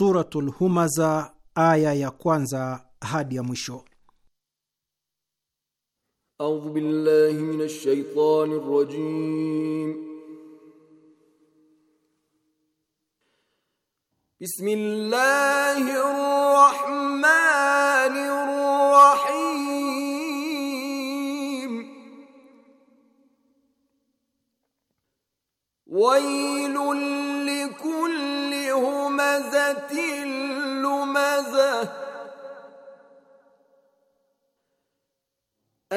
Suratul Humaza, aya ya kwanza hadi ya mwisho. Audhu billahi minash shaitani Bismillahir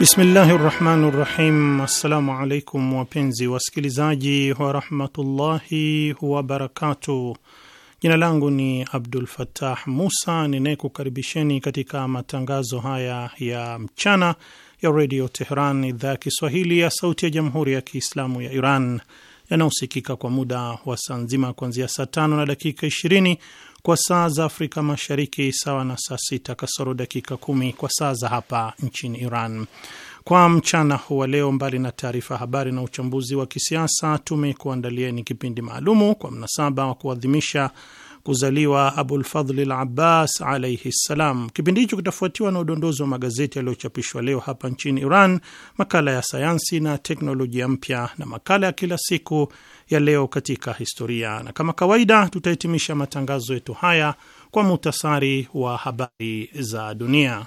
Bismillahi rahmani rahim. Assalamu alaikum wapenzi wasikilizaji warahmatullahi wabarakatuh. Jina langu ni Abdul Fattah Musa ninayekukaribisheni katika matangazo haya ya mchana ya Redio Teheran, idhaa ya Kiswahili ya sauti ya jamhuri ya Kiislamu ya Iran yanayosikika kwa muda wa saa nzima kuanzia saa tano na dakika 20 kwa saa za Afrika Mashariki, sawa na saa sita kasoro dakika kumi kwa saa za hapa nchini Iran. Kwa mchana wa leo, mbali na taarifa habari na uchambuzi wa kisiasa, tumekuandalieni kipindi maalumu kwa mnasaba wa kuadhimisha kuzaliwa Abulfadhli l Abbas alaihi ssalam. Kipindi hicho kitafuatiwa na udondozi wa magazeti yaliyochapishwa leo hapa nchini Iran, makala ya sayansi na teknolojia mpya na makala ya kila siku ya leo katika historia, na kama kawaida tutahitimisha matangazo yetu haya kwa muhtasari wa habari za dunia.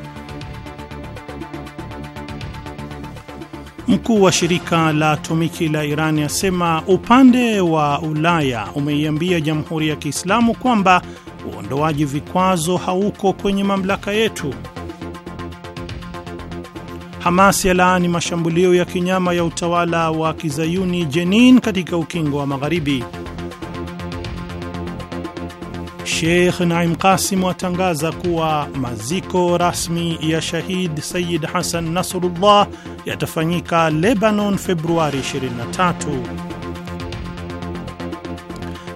mkuu wa shirika la atomiki la Iran asema upande wa Ulaya umeiambia Jamhuri ya Kiislamu kwamba uondoaji vikwazo hauko kwenye mamlaka yetu. Hamas yalaani mashambulio ya kinyama ya utawala wa Kizayuni Jenin katika ukingo wa Magharibi. Sheikh Naim Qasim atangaza kuwa maziko rasmi ya shahid Sayid hasan Nasrullah yatafanyika Lebanon Februari 23.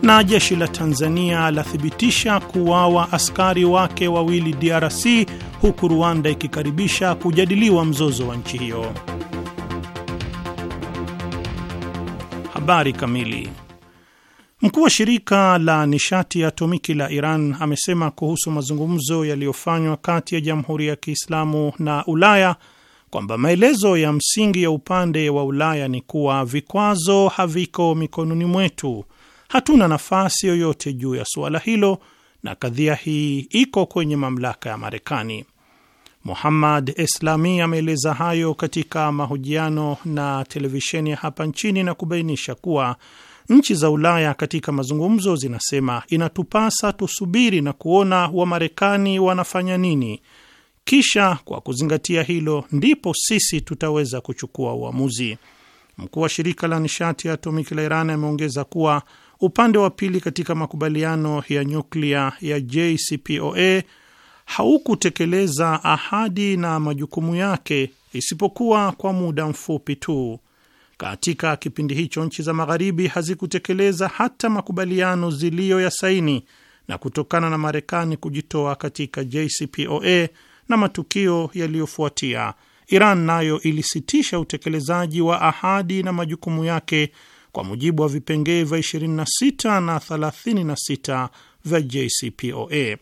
Na jeshi la Tanzania lathibitisha kuwawa askari wake wawili DRC, huku Rwanda ikikaribisha kujadiliwa mzozo wa nchi hiyo. Habari kamili Mkuu wa shirika la nishati ya atomiki la Iran amesema kuhusu mazungumzo yaliyofanywa kati ya Jamhuri ya Kiislamu na Ulaya kwamba maelezo ya msingi ya upande wa Ulaya ni kuwa vikwazo haviko mikononi mwetu, hatuna nafasi yoyote juu ya suala hilo na kadhia hii iko kwenye mamlaka ya Marekani. Muhammad Eslami ameeleza hayo katika mahojiano na televisheni ya hapa nchini na kubainisha kuwa Nchi za Ulaya katika mazungumzo zinasema inatupasa tusubiri na kuona Wamarekani wanafanya nini, kisha kwa kuzingatia hilo ndipo sisi tutaweza kuchukua uamuzi. Mkuu wa shirika la nishati ya atomiki la Iran ameongeza kuwa upande wa pili katika makubaliano ya nyuklia ya JCPOA haukutekeleza ahadi na majukumu yake isipokuwa kwa muda mfupi tu katika kipindi hicho nchi za Magharibi hazikutekeleza hata makubaliano ziliyo ya saini na kutokana na Marekani kujitoa katika JCPOA na matukio yaliyofuatia, Iran nayo ilisitisha utekelezaji wa ahadi na majukumu yake kwa mujibu wa vipengee vya 26 na 36 vya JCPOA.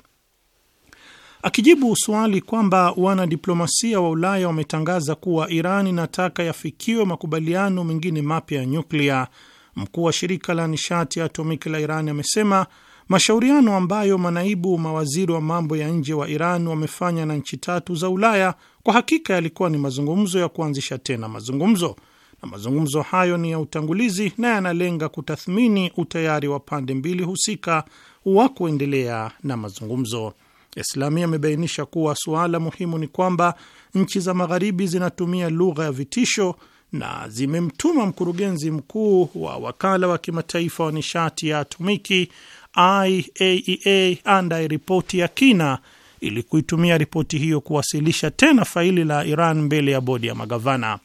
Akijibu swali kwamba wanadiplomasia wa Ulaya wametangaza kuwa Iran inataka yafikiwe makubaliano mengine mapya ya nyuklia, mkuu wa shirika la nishati ya atomiki la Iran amesema mashauriano ambayo manaibu mawaziri wa mambo ya nje wa Iran wamefanya na nchi tatu za Ulaya kwa hakika yalikuwa ni mazungumzo ya kuanzisha tena mazungumzo, na mazungumzo hayo ni ya utangulizi na yanalenga kutathmini utayari wa pande mbili husika wa kuendelea na mazungumzo. Islami amebainisha kuwa suala muhimu ni kwamba nchi za Magharibi zinatumia lugha ya vitisho na zimemtuma mkurugenzi mkuu wa wakala wa kimataifa wa nishati ya atomiki IAEA e andaye ripoti ya kina ili kuitumia ripoti hiyo kuwasilisha tena faili la Iran mbele ya bodi ya magavana.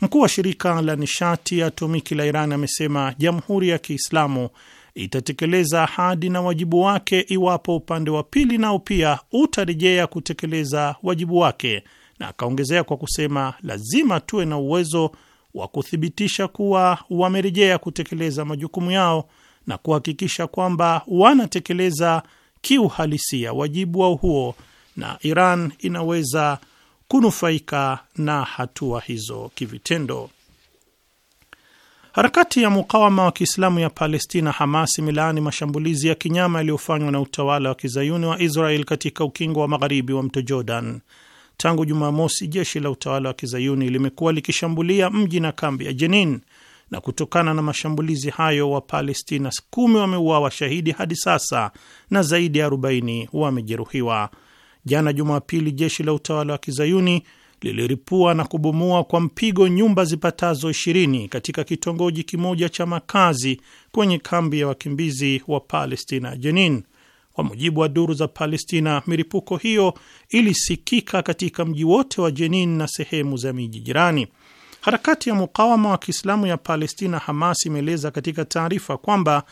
Mkuu wa shirika la nishati ya atomiki la Iran amesema Jamhuri ya Kiislamu itatekeleza ahadi na wajibu wake iwapo upande wa pili nao pia utarejea kutekeleza wajibu wake. Na akaongezea kwa kusema, lazima tuwe na uwezo wa kuthibitisha kuwa wamerejea kutekeleza majukumu yao na kuhakikisha kwamba wanatekeleza kiuhalisia wajibu wao huo, na Iran inaweza kunufaika na hatua hizo kivitendo. Harakati ya mukawama wa Kiislamu ya Palestina, Hamas, imelaani mashambulizi ya kinyama yaliyofanywa na utawala wa kizayuni wa Israel katika ukingo wa magharibi wa mto Jordan. Tangu Jumamosi, jeshi la utawala wa kizayuni limekuwa likishambulia mji na kambi ya Jenin, na kutokana na mashambulizi hayo Wapalestina kumi wameuawa shahidi hadi sasa na zaidi ya 40 wamejeruhiwa. Jana Jumapili, jeshi la utawala wa kizayuni liliripua na kubomoa kwa mpigo nyumba zipatazo ishirini katika kitongoji kimoja cha makazi kwenye kambi ya wakimbizi wa Palestina Jenin. Kwa mujibu wa duru za Palestina, miripuko hiyo ilisikika katika mji wote wa Jenin na sehemu za miji jirani. Harakati ya mukawama wa Kiislamu ya Palestina, Hamas, imeeleza katika taarifa kwamba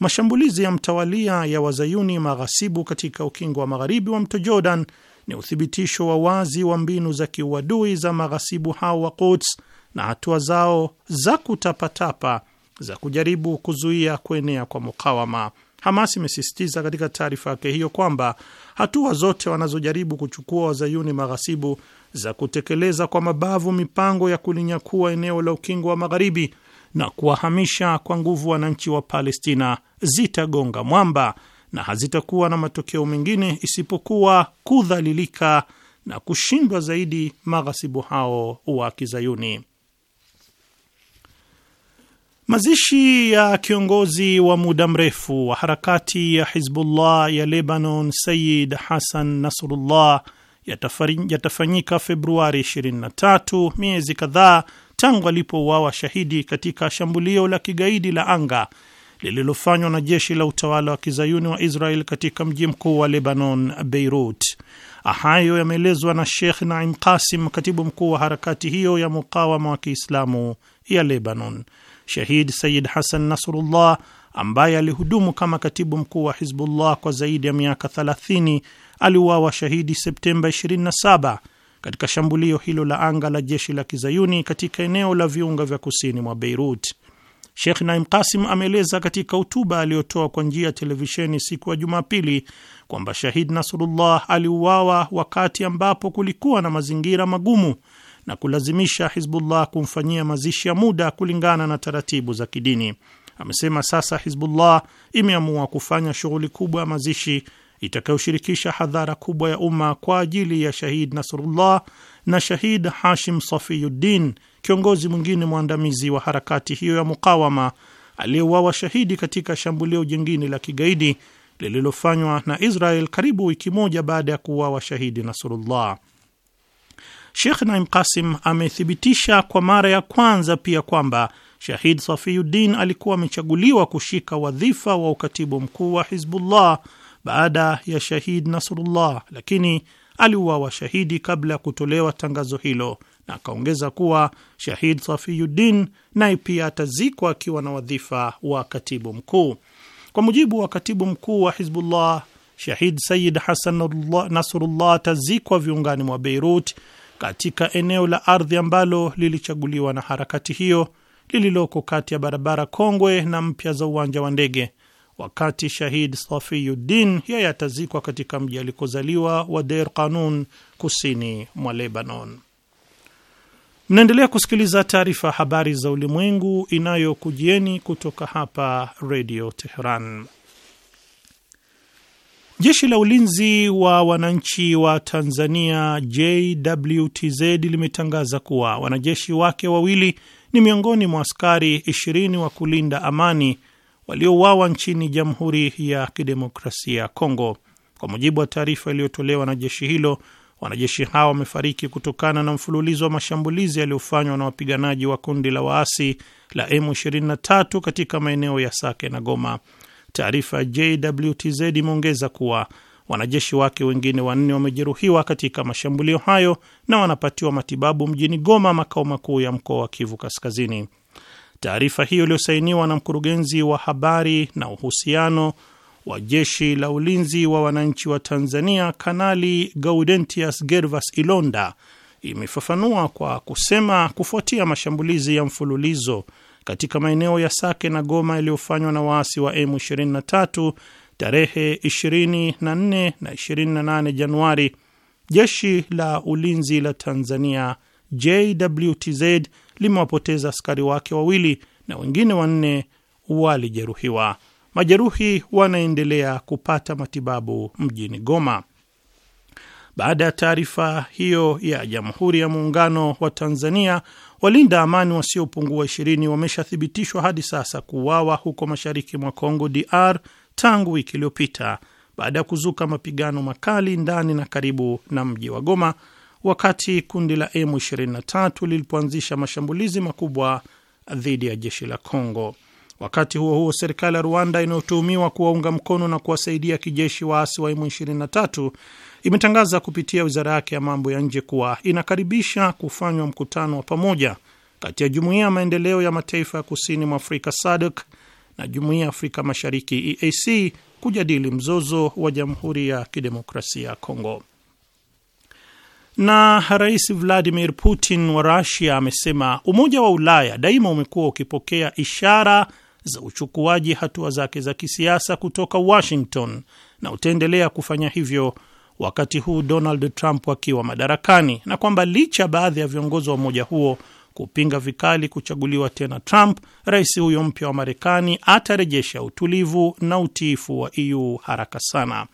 mashambulizi ya mtawalia ya wazayuni maghasibu katika ukingo wa magharibi wa mto Jordan ni uthibitisho wa wazi wa mbinu za kiuadui za maghasibu hao wa Quds na hatua zao za kutapatapa za kujaribu kuzuia kuenea kwa mukawama. Hamas imesisitiza katika taarifa yake hiyo kwamba hatua zote wanazojaribu kuchukua wazayuni maghasibu za kutekeleza kwa mabavu mipango ya kulinyakua eneo la ukingo wa magharibi na kuwahamisha kwa nguvu wananchi wa Palestina zitagonga mwamba na hazitakuwa na matokeo mengine isipokuwa kudhalilika na kushindwa zaidi maghasibu hao wa kizayuni. Mazishi ya kiongozi wa muda mrefu wa harakati ya Hizbullah ya Lebanon, Sayid Hasan Nasrullah yatafanyika Februari 23, miezi kadhaa tangu alipouawa shahidi katika shambulio la kigaidi la anga lililofanywa na jeshi la utawala wa kizayuni wa Israel katika mji mkuu wa Lebanon, Beirut. Hayo yameelezwa na Sheikh Naim Qasim, katibu mkuu wa harakati hiyo ya mukawama wa Kiislamu ya Lebanon. Shahid Sayid Hasan Nasrullah ambaye alihudumu kama katibu mkuu wa Hizbullah kwa zaidi ya miaka 30 aliuawa shahidi Septemba 27 katika shambulio hilo la anga la jeshi la kizayuni katika eneo la viunga vya kusini mwa Beirut. Sheikh Naim Qasim ameeleza katika hotuba aliyotoa kwa njia ya televisheni siku ya Jumapili kwamba shahid Nasrullah aliuawa wakati ambapo kulikuwa na mazingira magumu na kulazimisha Hizbullah kumfanyia mazishi ya muda kulingana na taratibu za kidini. Amesema sasa Hizbullah imeamua kufanya shughuli kubwa ya mazishi itakayoshirikisha hadhara kubwa ya umma kwa ajili ya shahid Nasrullah na shahid Hashim Safiyuddin, kiongozi mwingine mwandamizi wa harakati hiyo ya mukawama aliyeuawa shahidi katika shambulio jingine la kigaidi lililofanywa na Israel karibu wiki moja baada ya kuuawa shahidi Nasrullah. Shekh Naim Kasim amethibitisha kwa mara ya kwanza pia kwamba Shahid Safiyuddin alikuwa amechaguliwa kushika wadhifa wa ukatibu mkuu wa Hizbullah baada ya Shahid Nasrullah, lakini aliuawa shahidi kabla ya kutolewa tangazo hilo, na akaongeza kuwa Shahid Safiyuddin naye pia atazikwa akiwa na wadhifa wa katibu mkuu. Kwa mujibu wa katibu mkuu wa Hizbullah, Shahid Sayid Hasan Nasrullah atazikwa viungani mwa Beirut katika eneo la ardhi ambalo lilichaguliwa na harakati hiyo lililoko kati ya barabara kongwe na mpya za uwanja wa ndege. Wakati Shahid Safiyuddin yeye atazikwa katika mji alikozaliwa wa Der Kanun, kusini mwa Lebanon. Mnaendelea kusikiliza taarifa ya habari za ulimwengu inayokujieni kutoka hapa Redio Teheran. Jeshi la ulinzi wa wananchi wa Tanzania JWTZ limetangaza kuwa wanajeshi wake wawili ni miongoni mwa askari 20 wa kulinda amani waliouawa nchini Jamhuri ya Kidemokrasia ya Kongo. Kwa mujibu wa taarifa iliyotolewa na jeshi hilo, wanajeshi hao wamefariki kutokana na mfululizo wa mashambulizi yaliyofanywa na wapiganaji wa kundi la waasi la M23 katika maeneo ya Sake na Goma. Taarifa ya JWTZ imeongeza kuwa wanajeshi wake wengine wanne wamejeruhiwa katika mashambulio hayo na wanapatiwa matibabu mjini Goma, makao makuu ya mkoa wa Kivu Kaskazini. Taarifa hiyo iliyosainiwa na mkurugenzi wa habari na uhusiano wa jeshi la ulinzi wa wananchi wa Tanzania, Kanali Gaudentius Gervas Ilonda, imefafanua kwa kusema, kufuatia mashambulizi ya mfululizo katika maeneo ya Sake na Goma yaliyofanywa na waasi wa M23 tarehe 24 na 28 Januari, jeshi la ulinzi la Tanzania JWTZ limewapoteza askari wake wawili na wengine wanne walijeruhiwa. Majeruhi wanaendelea kupata matibabu mjini Goma. Baada ya taarifa hiyo ya Jamhuri ya Muungano wa Tanzania, Walinda amani wasiopungua ishirini wameshathibitishwa hadi sasa kuuawa huko mashariki mwa congo DR tangu wiki iliyopita baada ya kuzuka mapigano makali ndani na karibu na mji wa Goma wakati kundi la M23 lilipoanzisha mashambulizi makubwa dhidi ya jeshi la congo Wakati huo huo, serikali ya Rwanda inayotuhumiwa kuwaunga mkono na kuwasaidia kijeshi waasi wa M23 imetangaza kupitia wizara yake ya mambo ya nje kuwa inakaribisha kufanywa mkutano wa pamoja kati ya Jumuiya ya Maendeleo ya Mataifa ya Kusini mwa Afrika SADC na Jumuiya ya Afrika Mashariki EAC kujadili mzozo wa Jamhuri ya Kidemokrasia ya Kongo. Na Rais Vladimir Putin wa rusia amesema Umoja wa Ulaya daima umekuwa ukipokea ishara za uchukuaji hatua zake za kisiasa kutoka Washington na utaendelea kufanya hivyo wakati huu Donald Trump akiwa madarakani, na kwamba licha baadhi ya viongozi wa umoja huo kupinga vikali kuchaguliwa tena Trump, rais huyo mpya wa Marekani atarejesha utulivu na utiifu wa EU haraka sana.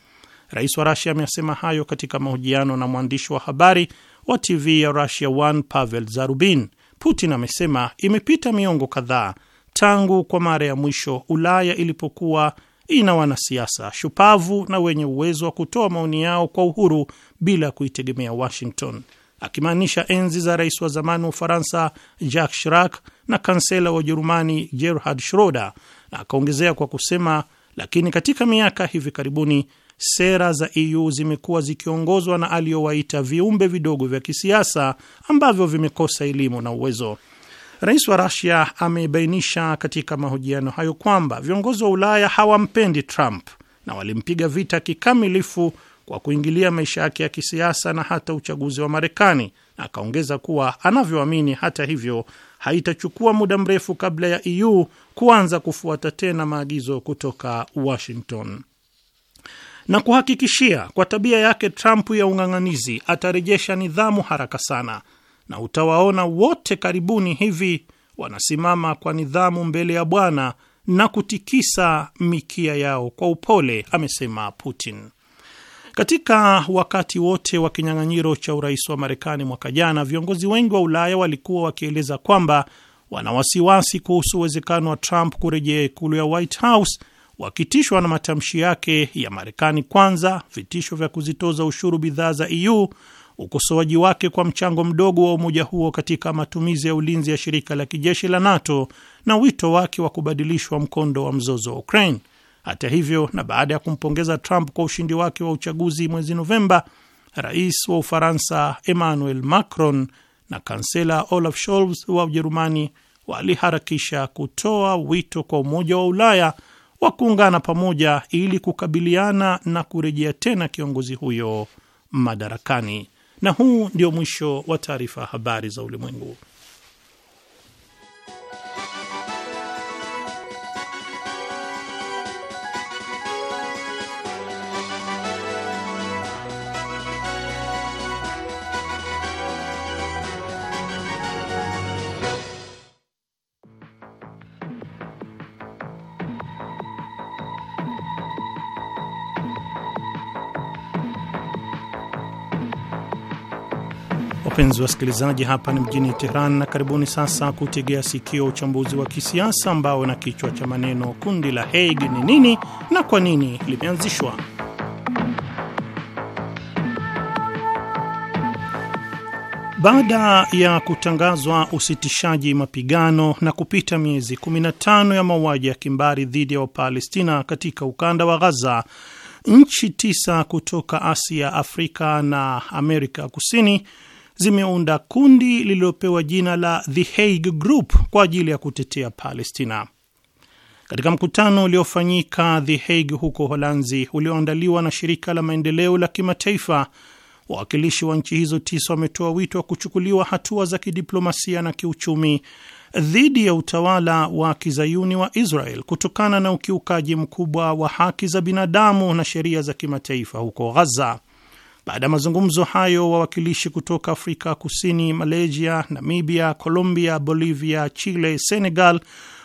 Rais wa Rusia amesema hayo katika mahojiano na mwandishi wa habari wa TV ya Russia One Pavel Zarubin. Putin amesema imepita miongo kadhaa tangu kwa mara ya mwisho Ulaya ilipokuwa ina wanasiasa shupavu na wenye uwezo wa kutoa maoni yao kwa uhuru bila kuitegemea Washington, akimaanisha enzi za rais wa zamani wa Ufaransa Jacques Chirac na kansela wa Ujerumani Gerhard Schroder, na akaongezea kwa kusema, lakini katika miaka hivi karibuni sera za EU zimekuwa zikiongozwa na aliyowaita viumbe vidogo vya kisiasa ambavyo vimekosa elimu na uwezo. Rais wa Rusia amebainisha katika mahojiano hayo kwamba viongozi wa Ulaya hawampendi Trump na walimpiga vita kikamilifu kwa kuingilia maisha yake ya kisiasa na hata uchaguzi wa Marekani, na akaongeza kuwa anavyoamini, hata hivyo, haitachukua muda mrefu kabla ya EU kuanza kufuata tena maagizo kutoka Washington na kuhakikishia kwa tabia yake Trump ya ung'ang'anizi atarejesha nidhamu haraka sana na utawaona wote karibuni hivi wanasimama kwa nidhamu mbele ya Bwana na kutikisa mikia yao kwa upole, amesema Putin. Katika wakati wote wa kinyang'anyiro cha urais wa Marekani mwaka jana, viongozi wengi wa Ulaya walikuwa wakieleza kwamba wana wasiwasi kuhusu uwezekano wa Trump kurejea ikulu ya White House, wakitishwa na matamshi yake ya Marekani kwanza, vitisho vya kuzitoza ushuru bidhaa za EU ukosoaji wake kwa mchango mdogo wa umoja huo katika matumizi ya ulinzi ya shirika la kijeshi la NATO na wito wake wa kubadilishwa mkondo wa mzozo wa Ukraine. Hata hivyo, na baada ya kumpongeza Trump kwa ushindi wake wa uchaguzi mwezi Novemba, rais wa Ufaransa Emmanuel Macron na kansela Olaf Scholz wa Ujerumani waliharakisha kutoa wito kwa Umoja wa Ulaya wa kuungana pamoja ili kukabiliana na kurejea tena kiongozi huyo madarakani. Na huu ndio mwisho wa taarifa habari za ulimwengu. Wapenzi wasikilizaji, hapa ni mjini Teheran na karibuni sasa kutegea sikio uchambuzi wa kisiasa ambao na kichwa cha maneno kundi la Hague ni nini na kwa nini limeanzishwa. Baada ya kutangazwa usitishaji mapigano na kupita miezi 15 ya mauaji ya kimbari dhidi ya Wapalestina katika ukanda wa Gaza, nchi tisa kutoka Asia, Afrika na Amerika Kusini zimeunda kundi lililopewa jina la The Hague Group kwa ajili ya kutetea Palestina. Katika mkutano uliofanyika The Hague huko Holanzi, ulioandaliwa na shirika la maendeleo la kimataifa, wawakilishi wa nchi hizo tisa wametoa wito wa kuchukuliwa hatua za kidiplomasia na kiuchumi dhidi ya utawala wa kizayuni wa Israel kutokana na ukiukaji mkubwa wa haki za binadamu na sheria za kimataifa huko Ghaza. Baada ya mazungumzo hayo, wawakilishi kutoka Afrika Kusini, Malaysia, Namibia, Colombia, Bolivia, Chile, Senegal,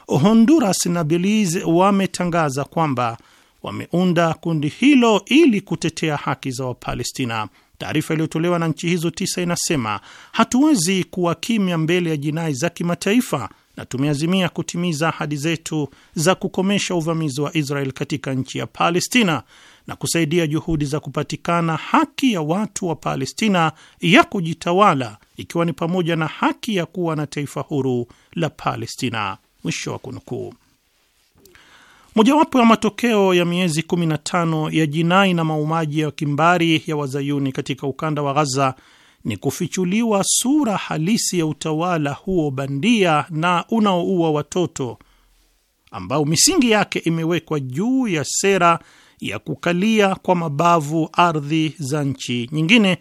Honduras na Belize wametangaza kwamba wameunda kundi hilo ili kutetea haki za Wapalestina. Taarifa iliyotolewa na nchi hizo tisa inasema hatuwezi kuwa kimya mbele ya jinai za kimataifa na tumeazimia kutimiza ahadi zetu za kukomesha uvamizi wa Israel katika nchi ya Palestina na kusaidia juhudi za kupatikana haki ya watu wa Palestina ya kujitawala ikiwa ni pamoja na haki ya kuwa na taifa huru la Palestina. Mwisho wa kunukuu. Mojawapo ya matokeo ya miezi 15 ya jinai na maumaji ya kimbari ya wazayuni katika ukanda wa Ghaza ni kufichuliwa sura halisi ya utawala huo bandia na unaoua watoto ambao misingi yake imewekwa juu ya sera ya kukalia kwa mabavu ardhi za nchi nyingine,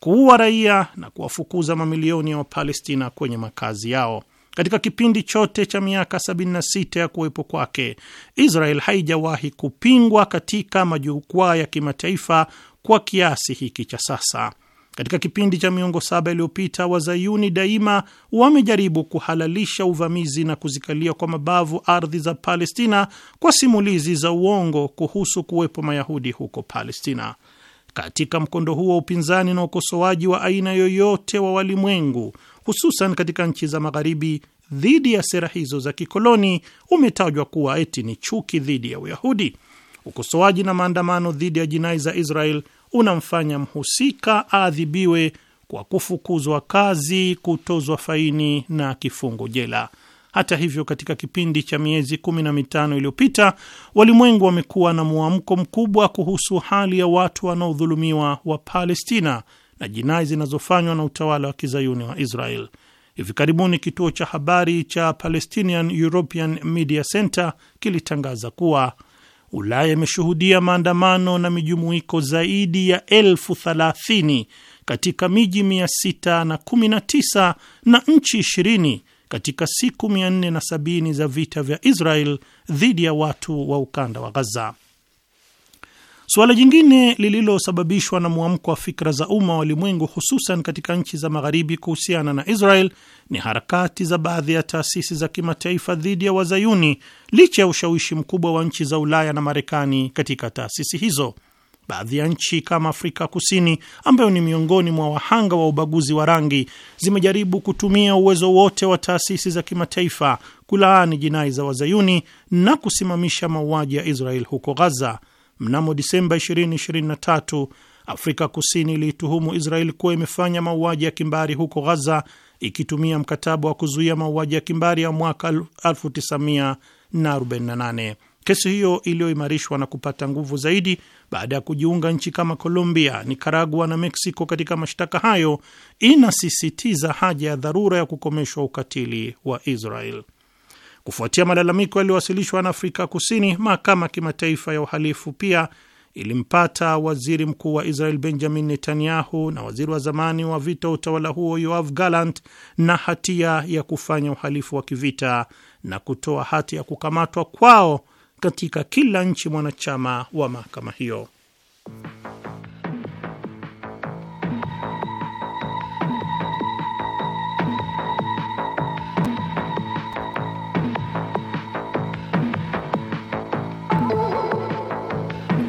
kuua raia na kuwafukuza mamilioni ya Wapalestina kwenye makazi yao. Katika kipindi chote cha miaka 76 ya kuwepo kwake, Israel haijawahi kupingwa katika majukwaa ya kimataifa kwa kiasi hiki cha sasa. Katika kipindi cha miongo saba iliyopita, wazayuni daima wamejaribu kuhalalisha uvamizi na kuzikalia kwa mabavu ardhi za Palestina kwa simulizi za uongo kuhusu kuwepo Mayahudi huko Palestina. Katika mkondo huo wa upinzani na ukosoaji wa aina yoyote wa walimwengu, hususan katika nchi za Magharibi, dhidi ya sera hizo za kikoloni umetajwa kuwa eti ni chuki dhidi ya Uyahudi. Ukosoaji na maandamano dhidi ya jinai za Israel unamfanya mhusika aadhibiwe kwa kufukuzwa kazi, kutozwa faini na kifungo jela. Hata hivyo, katika kipindi cha miezi kumi na mitano iliyopita, walimwengu wamekuwa na mwamko mkubwa kuhusu hali ya watu wanaodhulumiwa wa Palestina na jinai zinazofanywa na utawala wa kizayuni wa Israel. Hivi karibuni kituo cha habari cha Palestinian European Media Center kilitangaza kuwa Ulaya imeshuhudia maandamano na mijumuiko zaidi ya elfu thalathini katika miji 619 na nchi 20 katika siku 470 za vita vya Israel dhidi ya watu wa ukanda wa Gaza. Suala jingine lililosababishwa na mwamko wa fikra za umma wa ulimwengu, hususan katika nchi za Magharibi, kuhusiana na Israel ni harakati za baadhi ya taasisi za kimataifa dhidi ya Wazayuni, licha ya ushawishi mkubwa wa nchi za Ulaya na Marekani katika taasisi hizo. Baadhi ya nchi kama Afrika Kusini, ambayo ni miongoni mwa wahanga wa ubaguzi wa rangi, zimejaribu kutumia uwezo wote wa taasisi za kimataifa kulaani jinai za Wazayuni na kusimamisha mauaji ya Israel huko Gaza. Mnamo Disemba 2023 Afrika Kusini iliituhumu Israeli kuwa imefanya mauaji ya kimbari huko Ghaza ikitumia mkataba wa kuzuia mauaji ya kimbari ya mwaka 1948. Kesi hiyo iliyoimarishwa na kupata nguvu zaidi baada ya kujiunga nchi kama Colombia, Nicaragua na Mexico katika mashtaka hayo inasisitiza haja ya dharura ya kukomeshwa ukatili wa Israel. Kufuatia malalamiko yaliyowasilishwa na Afrika Kusini, mahakama ya kimataifa ya uhalifu pia ilimpata waziri mkuu wa Israel Benjamin Netanyahu na waziri wa zamani wa vita wa utawala huo Yoav Gallant na hatia ya kufanya uhalifu wa kivita na kutoa hati ya kukamatwa kwao katika kila nchi mwanachama wa mahakama hiyo.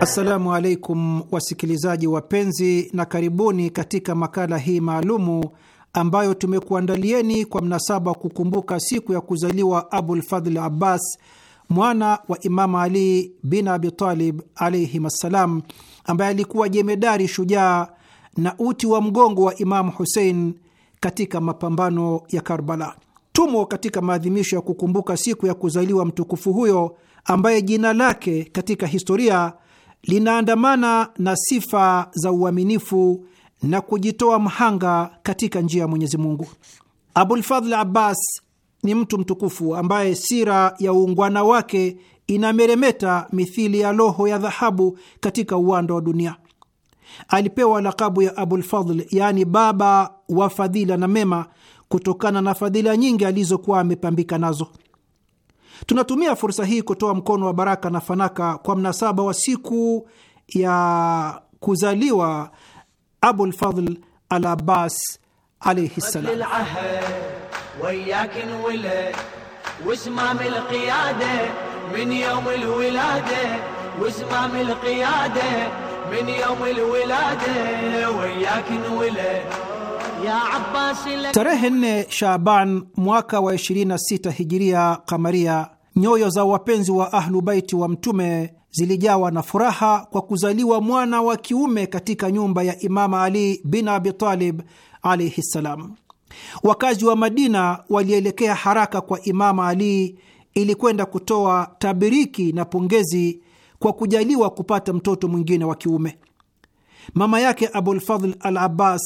Assalamu alaikum wasikilizaji wapenzi, na karibuni katika makala hii maalumu ambayo tumekuandalieni kwa mnasaba wa kukumbuka siku ya kuzaliwa Abulfadhl Abbas, mwana wa Imamu Ali bin Abitalib alaihim assalam, ambaye alikuwa jemedari shujaa na uti wa mgongo wa Imamu Husein katika mapambano ya Karbala. Tumo katika maadhimisho ya kukumbuka siku ya kuzaliwa mtukufu huyo ambaye jina lake katika historia linaandamana na sifa za uaminifu na kujitoa mhanga katika njia ya Mwenyezi Mungu. Abulfadhl Abbas ni mtu mtukufu ambaye sira ya uungwana wake inameremeta mithili ya loho ya dhahabu katika uwanda wa dunia. Alipewa lakabu ya abulfadl yaani baba wa fadhila na mema, kutokana na fadhila nyingi alizokuwa amepambika nazo. Tunatumia fursa hii kutoa mkono wa baraka na fanaka kwa mnasaba wa siku ya kuzaliwa Abulfadl Al Abbas alaihi salam. Tarehe nne Shaaban mwaka wa 26 hijiria kamaria, nyoyo za wapenzi wa Ahlu Baiti wa Mtume zilijawa na furaha kwa kuzaliwa mwana wa kiume katika nyumba ya Imama Ali bin Abitalib alaihi ssalam. Wakazi wa Madina walielekea haraka kwa Imama Ali ili kwenda kutoa tabiriki na pongezi kwa kujaliwa kupata mtoto mwingine wa kiume. Mama yake abulfadl al Abbas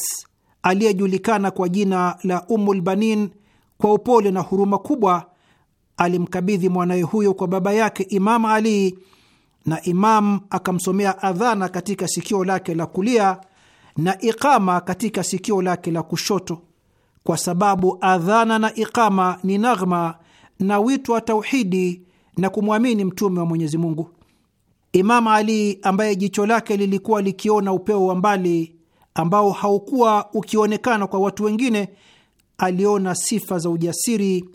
aliyejulikana kwa jina la ummulbanin kwa upole na huruma kubwa alimkabidhi mwanaye huyo kwa baba yake Imam Ali, na Imam akamsomea adhana katika sikio lake la kulia na iqama katika sikio lake la kushoto, kwa sababu adhana na iqama ni naghma na wito wa tauhidi na kumwamini mtume wa Mwenyezi Mungu. Imam Ali ambaye jicho lake lilikuwa likiona upeo wa mbali ambao haukuwa ukionekana kwa watu wengine, aliona sifa za ujasiri,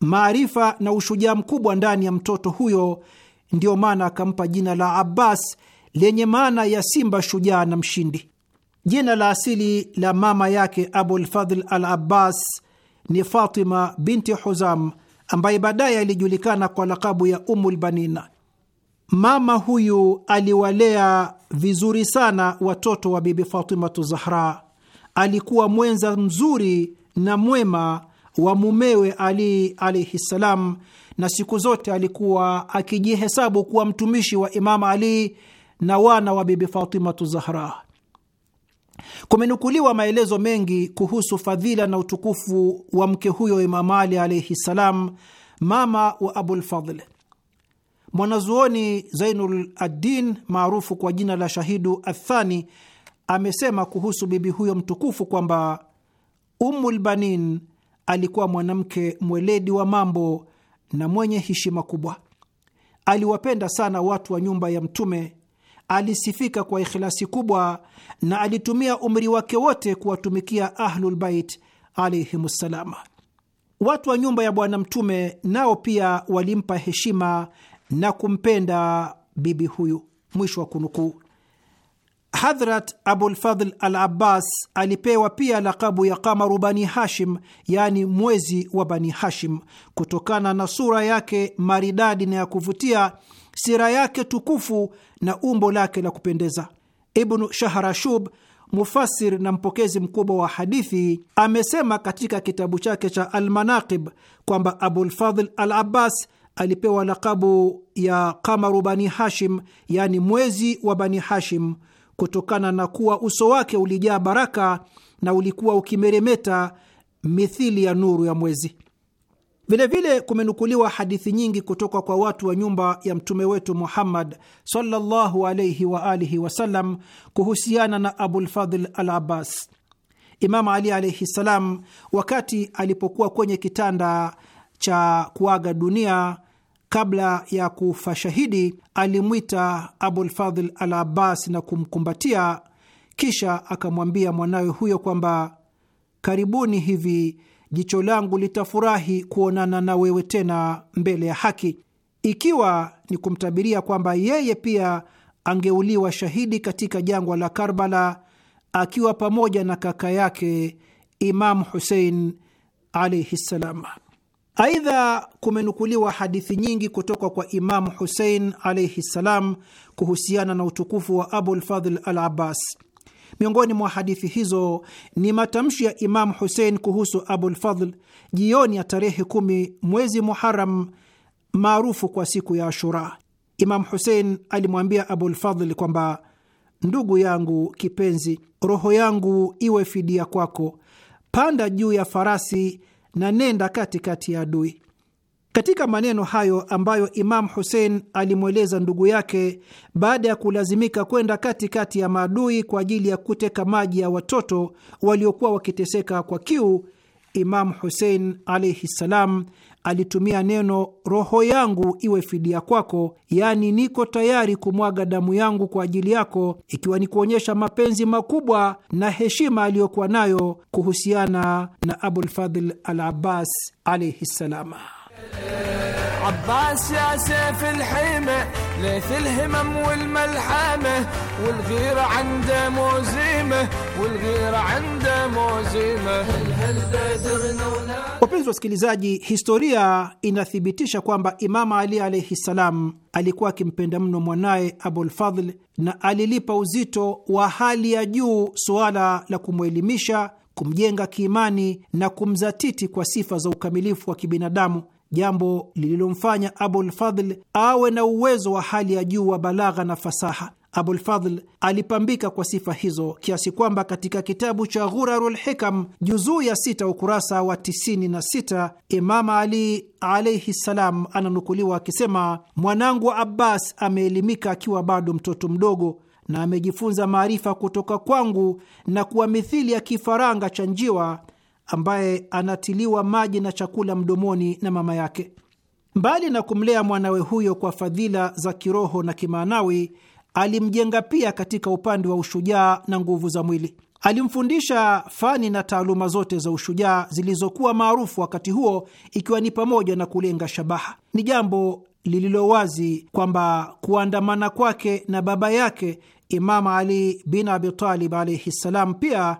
maarifa na ushujaa mkubwa ndani ya mtoto huyo. Ndiyo maana akampa jina la Abbas lenye maana ya simba shujaa na mshindi. Jina la asili la mama yake Abulfadhl al Abbas ni Fatima binti Huzam, ambaye baadaye alijulikana kwa lakabu ya umulbanina Mama huyu aliwalea vizuri sana watoto wa Bibi Fatimatu Zahra. Alikuwa mwenza mzuri na mwema wa mumewe Ali alaihi ssalam, na siku zote alikuwa akijihesabu kuwa mtumishi wa Imamu Ali na wana wa Bibi Fatimatu Zahra. Kumenukuliwa maelezo mengi kuhusu fadhila na utukufu wa mke huyo Imamu Ali alaihi ssalam, mama wa Abulfadl. Mwanazuoni Zainul Adin maarufu kwa jina la Shahidu Athani amesema kuhusu bibi huyo mtukufu kwamba ummulbanin alikuwa mwanamke mweledi wa mambo na mwenye heshima kubwa. Aliwapenda sana watu wa nyumba ya Mtume, alisifika kwa ikhlasi kubwa na alitumia umri wake wote kuwatumikia Ahlulbait ssalama. Watu wa nyumba ya Bwana Mtume nao pia walimpa heshima na kumpenda bibi huyu. Mwisho wa kunukuu. Hadhrat abulfadl Al Abbas alipewa pia lakabu ya Kamaru Bani Hashim, yaani mwezi wa Bani Hashim, kutokana na sura yake maridadi na ya kuvutia, sira yake tukufu na umbo lake la kupendeza. Ibnu Shahrashub, mufasir na mpokezi mkubwa wa hadithi, amesema katika kitabu chake cha Almanaqib kwamba Abulfadl Al Abbas alipewa lakabu ya Kamaru Bani Hashim, yaani mwezi wa Bani Hashim, kutokana na kuwa uso wake ulijaa baraka na ulikuwa ukimeremeta mithili ya nuru ya mwezi. Vilevile kumenukuliwa hadithi nyingi kutoka kwa watu wa nyumba ya mtume wetu Muhammad sallallahu wa alihi wasallam kuhusiana na Abulfadhl al Abbas. Imam Ali alaihi ssalam, wakati alipokuwa kwenye kitanda cha kuaga dunia Kabla ya kufa shahidi, alimwita Abulfadhl al Abbas na kumkumbatia, kisha akamwambia mwanawe huyo kwamba karibuni hivi jicho langu litafurahi kuonana na wewe tena mbele ya haki, ikiwa ni kumtabiria kwamba yeye pia angeuliwa shahidi katika jangwa la Karbala akiwa pamoja na kaka yake Imamu Husein alaihi ssalam. Aidha, kumenukuliwa hadithi nyingi kutoka kwa Imamu Husein alaihi ssalam kuhusiana na utukufu wa Abulfadhl al Abbas. Miongoni mwa hadithi hizo ni matamshi ya Imamu Husein kuhusu Abulfadhl jioni ya tarehe kumi mwezi Muharam, maarufu kwa siku ya Ashura. Imamu Husein alimwambia Abulfadhl kwamba ndugu yangu kipenzi, roho yangu iwe fidia kwako, panda juu ya farasi na nenda katikati ya adui. Katika maneno hayo ambayo Imamu Husein alimweleza ndugu yake baada ya kulazimika kwenda katikati ya maadui kwa ajili ya kuteka maji ya watoto waliokuwa wakiteseka kwa kiu, Imamu Husein alaihi ssalam alitumia neno roho yangu iwe fidia kwako, yaani niko tayari kumwaga damu yangu kwa ajili yako, ikiwa ni kuonyesha mapenzi makubwa na heshima aliyokuwa nayo kuhusiana na Abulfadhl al Abbas alaihi ssalama. عباس يا سيف الحيمة ليث الهمم والملحمة والغيرة عنده موزيمة والغيرة عنده موزيمة Wapenzi wasikilizaji, historia inathibitisha kwamba Imama Ali alaihi ssalam alikuwa akimpenda mno mwanaye Abulfadhl na alilipa uzito wa hali ya juu suala la kumwelimisha kumjenga kiimani na kumzatiti kwa sifa za ukamilifu wa kibinadamu jambo lililomfanya Abulfadhl awe na uwezo wa hali ya juu wa balagha na fasaha. Abulfadhl alipambika kwa sifa hizo kiasi kwamba katika kitabu cha Ghurarul Hikam juzuu ya sita ukurasa wa 96 Imama Ali alaihi ssalam ananukuliwa akisema, mwanangu Abbas ameelimika akiwa bado mtoto mdogo na amejifunza maarifa kutoka kwangu na kuwa mithili ya kifaranga cha njiwa ambaye anatiliwa maji na chakula mdomoni na mama yake. Mbali na kumlea mwanawe huyo kwa fadhila za kiroho na kimaanawi, alimjenga pia katika upande wa ushujaa na nguvu za mwili. Alimfundisha fani na taaluma zote za ushujaa zilizokuwa maarufu wakati huo, ikiwa ni pamoja na kulenga shabaha. Ni jambo lililo wazi kwamba kuandamana kwake na baba yake Imam Ali bin Abi Talib alaihi ssalam pia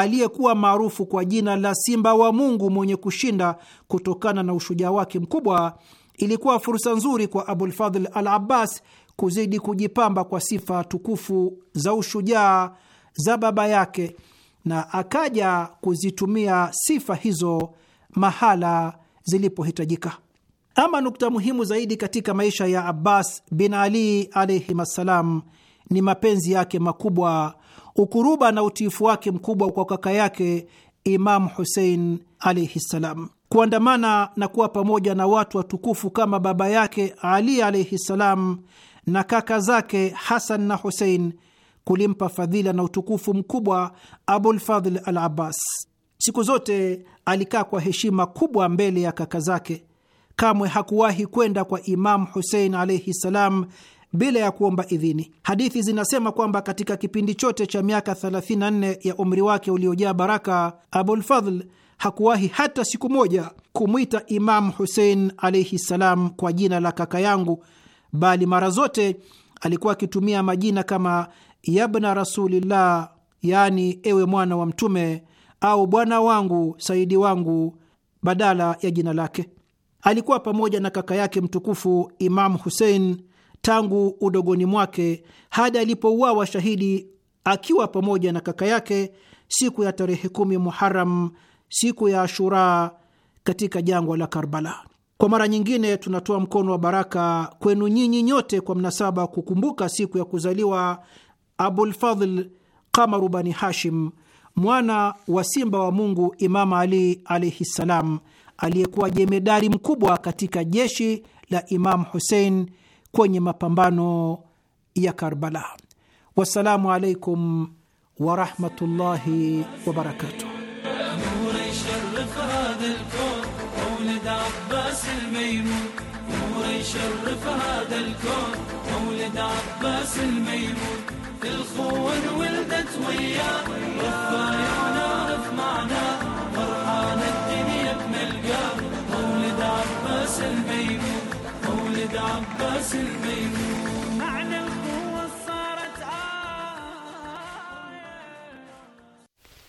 aliyekuwa maarufu kwa jina la Simba wa Mungu mwenye kushinda kutokana na ushujaa wake mkubwa, ilikuwa fursa nzuri kwa Abulfadhl al Abbas kuzidi kujipamba kwa sifa tukufu za ushujaa za baba yake, na akaja kuzitumia sifa hizo mahala zilipohitajika. Ama nukta muhimu zaidi katika maisha ya Abbas bin Ali alayhim assalam ni mapenzi yake makubwa ukuruba na utiifu wake mkubwa kwa kaka yake Imamu Husein alaihi ssalam. Kuandamana na kuwa pamoja na watu watukufu kama baba yake Ali alaihi ssalam na kaka zake Hasan na Husein kulimpa fadhila na utukufu mkubwa Abulfadhl al Abbas. Siku zote alikaa kwa heshima kubwa mbele ya kaka zake. Kamwe hakuwahi kwenda kwa Imamu Husein alaihi ssalam bila ya kuomba idhini. Hadithi zinasema kwamba katika kipindi chote cha miaka 34 ya umri wake uliojaa baraka, abulfadl hakuwahi hata siku moja kumwita Imamu Husein alaihi ssalam kwa jina la kaka yangu, bali mara zote alikuwa akitumia majina kama yabna rasulillah, yaani ewe mwana wa Mtume, au bwana wangu, saidi wangu, badala ya jina lake. Alikuwa pamoja na kaka yake mtukufu Imamu Husein tangu udogoni mwake hadi alipouawa shahidi akiwa pamoja na kaka yake siku ya tarehe kumi Muharam, siku ya Ashura katika jangwa la Karbala. Kwa mara nyingine tunatoa mkono wa baraka kwenu nyinyi nyote kwa mnasaba kukumbuka siku ya kuzaliwa abulfadl Qamaru Bani Hashim, mwana wa simba wa Mungu Imama Ali alaihi ssalam, aliyekuwa jemedari mkubwa katika jeshi la Imamu Husein kwenye mapambano ya Karbala. Wassalamu alaikum warahmatullahi wabarakatuh. يشرف هذا الكون مولد عباس الميمون الخوة انولدت وياه رفايعنا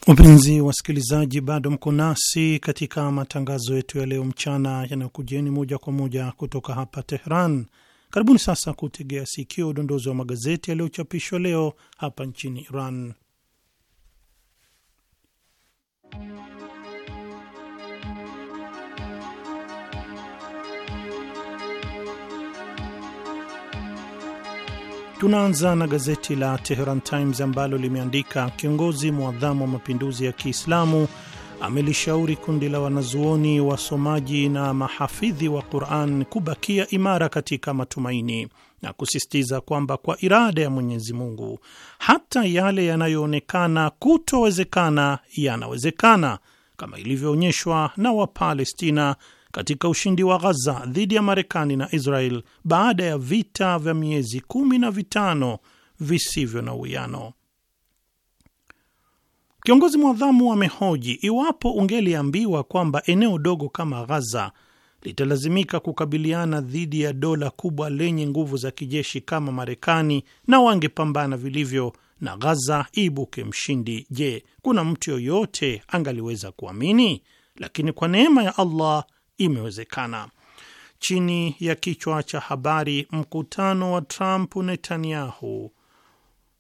Wapenzi wasikilizaji, bado mko nasi katika matangazo yetu ya leo mchana yanayokujeni moja kwa moja kutoka hapa Tehran. Karibuni sasa kutegea sikio udondozi wa magazeti yaliyochapishwa leo hapa nchini Iran. Tunaanza na gazeti la Teheran Times ambalo limeandika kiongozi mwadhamu wa mapinduzi ya Kiislamu amelishauri kundi la wanazuoni wasomaji na mahafidhi wa Quran kubakia imara katika matumaini na kusisitiza kwamba kwa irada ya Mwenyezi Mungu hata yale yanayoonekana kutowezekana yanawezekana kama ilivyoonyeshwa na Wapalestina katika ushindi wa Ghaza dhidi ya Marekani na Israel baada ya vita vya miezi kumi na vitano visivyo na uwiano. Kiongozi mwadhamu amehoji iwapo ungeliambiwa kwamba eneo dogo kama Ghaza litalazimika kukabiliana dhidi ya dola kubwa lenye nguvu za kijeshi kama Marekani na wangepambana vilivyo na Ghaza ibuke mshindi, je, kuna mtu yoyote angaliweza kuamini? Lakini kwa neema ya Allah imewezekana. Chini ya kichwa cha habari mkutano wa Trump Netanyahu,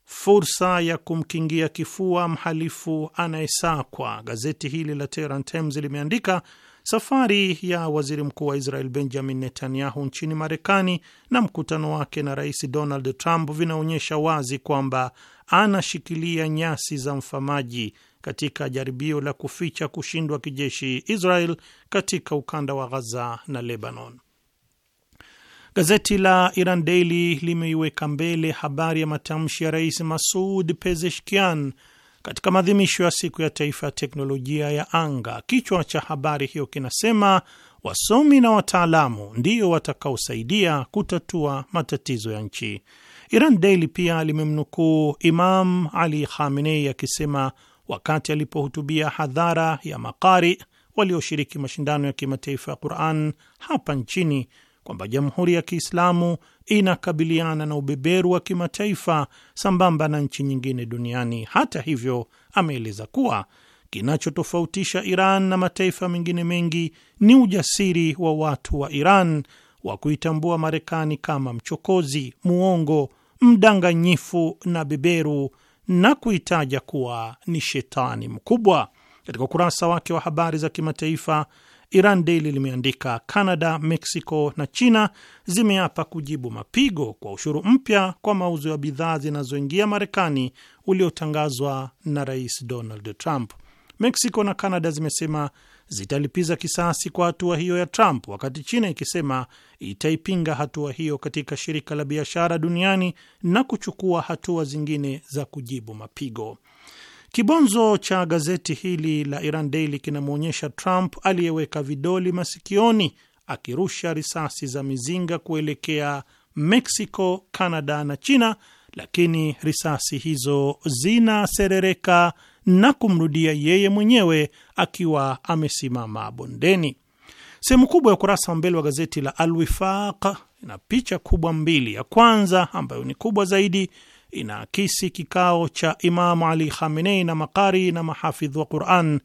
fursa ya kumkingia kifua mhalifu anayesakwa, gazeti hili la Tehran Times limeandika safari ya waziri mkuu wa Israel Benjamin Netanyahu nchini Marekani na mkutano wake na rais Donald Trump vinaonyesha wazi kwamba anashikilia nyasi za mfamaji katika jaribio la kuficha kushindwa kijeshi Israel katika ukanda wa Ghaza na Lebanon. Gazeti la Iran Daily limeiweka mbele habari ya matamshi ya Rais Masud Pezeshkian katika maadhimisho ya siku ya taifa ya teknolojia ya anga. Kichwa cha habari hiyo kinasema wasomi na wataalamu ndio watakaosaidia kutatua matatizo ya nchi. Iran Daily pia limemnukuu Imam Ali Khamenei akisema wakati alipohutubia hadhara ya makari walioshiriki mashindano ya kimataifa ya Quran hapa nchini kwamba Jamhuri ya Kiislamu inakabiliana na ubeberu wa kimataifa sambamba na nchi nyingine duniani. Hata hivyo, ameeleza kuwa kinachotofautisha Iran na mataifa mengine mengi ni ujasiri wa watu wa Iran wa kuitambua Marekani kama mchokozi, muongo, mdanganyifu na beberu na kuitaja kuwa ni shetani mkubwa. Katika ukurasa wake wa habari za kimataifa, Iran Daily limeandika Canada, Mexico na China zimeapa kujibu mapigo kwa ushuru mpya kwa mauzo ya bidhaa zinazoingia Marekani uliotangazwa na Rais Donald Trump. Mexico na Canada zimesema zitalipiza kisasi kwa hatua hiyo ya Trump, wakati China ikisema itaipinga hatua hiyo katika shirika la biashara duniani na kuchukua hatua zingine za kujibu mapigo. Kibonzo cha gazeti hili la Iran Daily kinamwonyesha Trump aliyeweka vidoli masikioni akirusha risasi za mizinga kuelekea Mexico, Canada na China, lakini risasi hizo zinaserereka na kumrudia yeye mwenyewe akiwa amesimama bondeni. Sehemu kubwa ya ukurasa wa mbele wa gazeti la Alwifaq ina picha kubwa mbili. Ya kwanza ambayo ni kubwa zaidi inaakisi kikao cha Imamu Ali Khamenei na makari na mahafidh wa Quran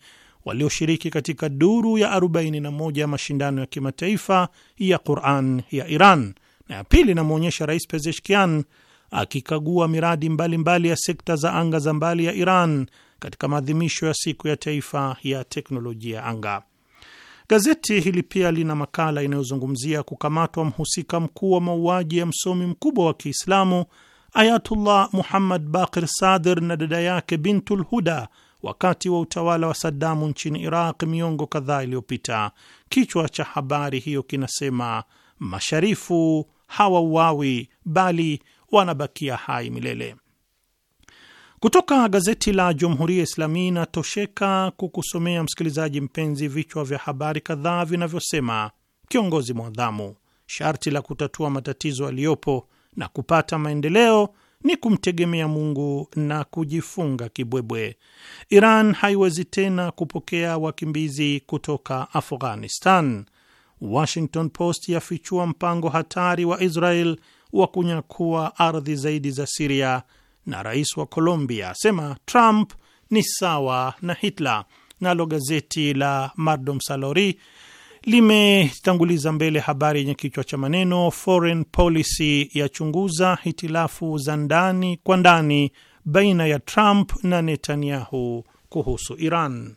walioshiriki katika duru ya 41 ya mashindano ya kimataifa ya Quran ya Iran, na ya pili inamwonyesha Rais Pezeshkian akikagua miradi mbalimbali mbali ya sekta za anga za mbali ya Iran katika maadhimisho ya siku ya taifa ya teknolojia anga. Gazeti hili pia lina makala inayozungumzia kukamatwa mhusika mkuu wa mauaji ya msomi mkubwa wa Kiislamu Ayatullah Muhammad Baqir Sadr na dada yake Bintul Huda wakati wa utawala wa Saddamu nchini Iraq miongo kadhaa iliyopita. Kichwa cha habari hiyo kinasema masharifu hawauawi bali wanabakia hai milele. Kutoka gazeti la Jumhuria ya Islami inatosheka kukusomea msikilizaji mpenzi, vichwa vya habari kadhaa vinavyosema: kiongozi mwadhamu, sharti la kutatua matatizo aliyopo na kupata maendeleo ni kumtegemea Mungu na kujifunga kibwebwe. Iran haiwezi tena kupokea wakimbizi kutoka Afghanistan. Washington Post yafichua mpango hatari wa Israel wa kunyakua ardhi zaidi za Siria na rais wa Colombia asema Trump ni sawa na Hitler. Nalo gazeti la Mardom Salori limetanguliza mbele habari yenye kichwa cha maneno Foreign Policy yachunguza hitilafu za ndani kwa ndani baina ya Trump na Netanyahu kuhusu Iran.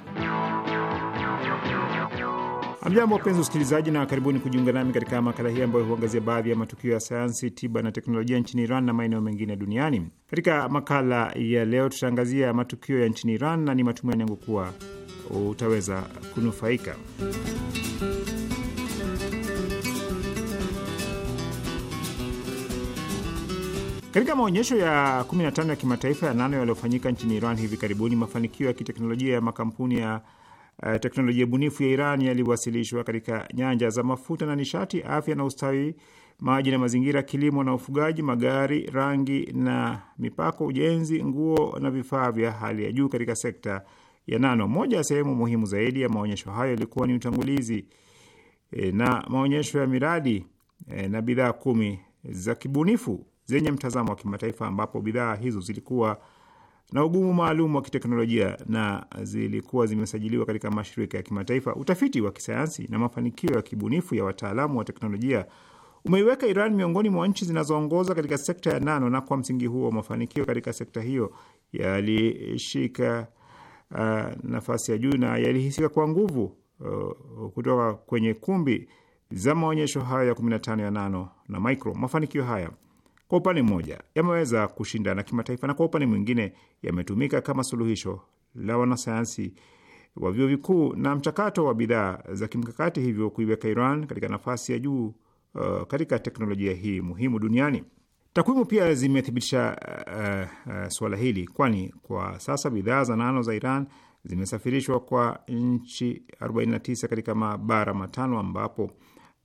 amjambo wapenzi usikilizaji na karibuni kujiunga nami katika makala hii ambayo huangazia baadhi ya matukio ya sayansi, tiba na teknolojia nchini Iran na maeneo mengine duniani. Katika makala ya leo, tutaangazia matukio ya nchini Iran na ni matumaini yangu kuwa utaweza kunufaika. Katika maonyesho ya 15 ya kimataifa ya nano yaliyofanyika nchini Iran hivi karibuni, mafanikio ya kiteknolojia ya makampuni ya uh, teknolojia bunifu ya Iran yaliwasilishwa katika nyanja za mafuta na nishati, afya na ustawi, maji na mazingira, kilimo na ufugaji, magari, rangi na mipako, ujenzi, nguo na vifaa vya hali ya juu katika sekta ya nano. Moja ya sehemu muhimu zaidi ya maonyesho hayo ilikuwa ni utangulizi e, na maonyesho ya miradi e, na bidhaa kumi za kibunifu zenye mtazamo wa kimataifa ambapo bidhaa hizo zilikuwa na ugumu maalum wa kiteknolojia na zilikuwa zimesajiliwa katika mashirika ya kimataifa. Utafiti wa kisayansi na mafanikio ya kibunifu ya wataalamu wa teknolojia umeiweka Iran miongoni mwa nchi zinazoongoza katika sekta ya nano, na kwa msingi huo mafanikio katika sekta hiyo yalishika uh, nafasi ya juu na yalihisika kwa nguvu uh, kutoka kwenye kumbi za maonyesho hayo ya 15 ya nano na micro. Mafanikio haya kwa upande mmoja yameweza kushindana kimataifa na kwa upande mwingine yametumika kama suluhisho la wanasayansi wa vyuo vikuu na mchakato wa bidhaa za kimkakati, hivyo kuiweka Iran katika nafasi ya juu uh, katika teknolojia hii muhimu duniani. Takwimu pia zimethibitisha uh, uh, suala hili, kwani kwa sasa bidhaa za nano za Iran zimesafirishwa kwa nchi 49 katika mabara matano ambapo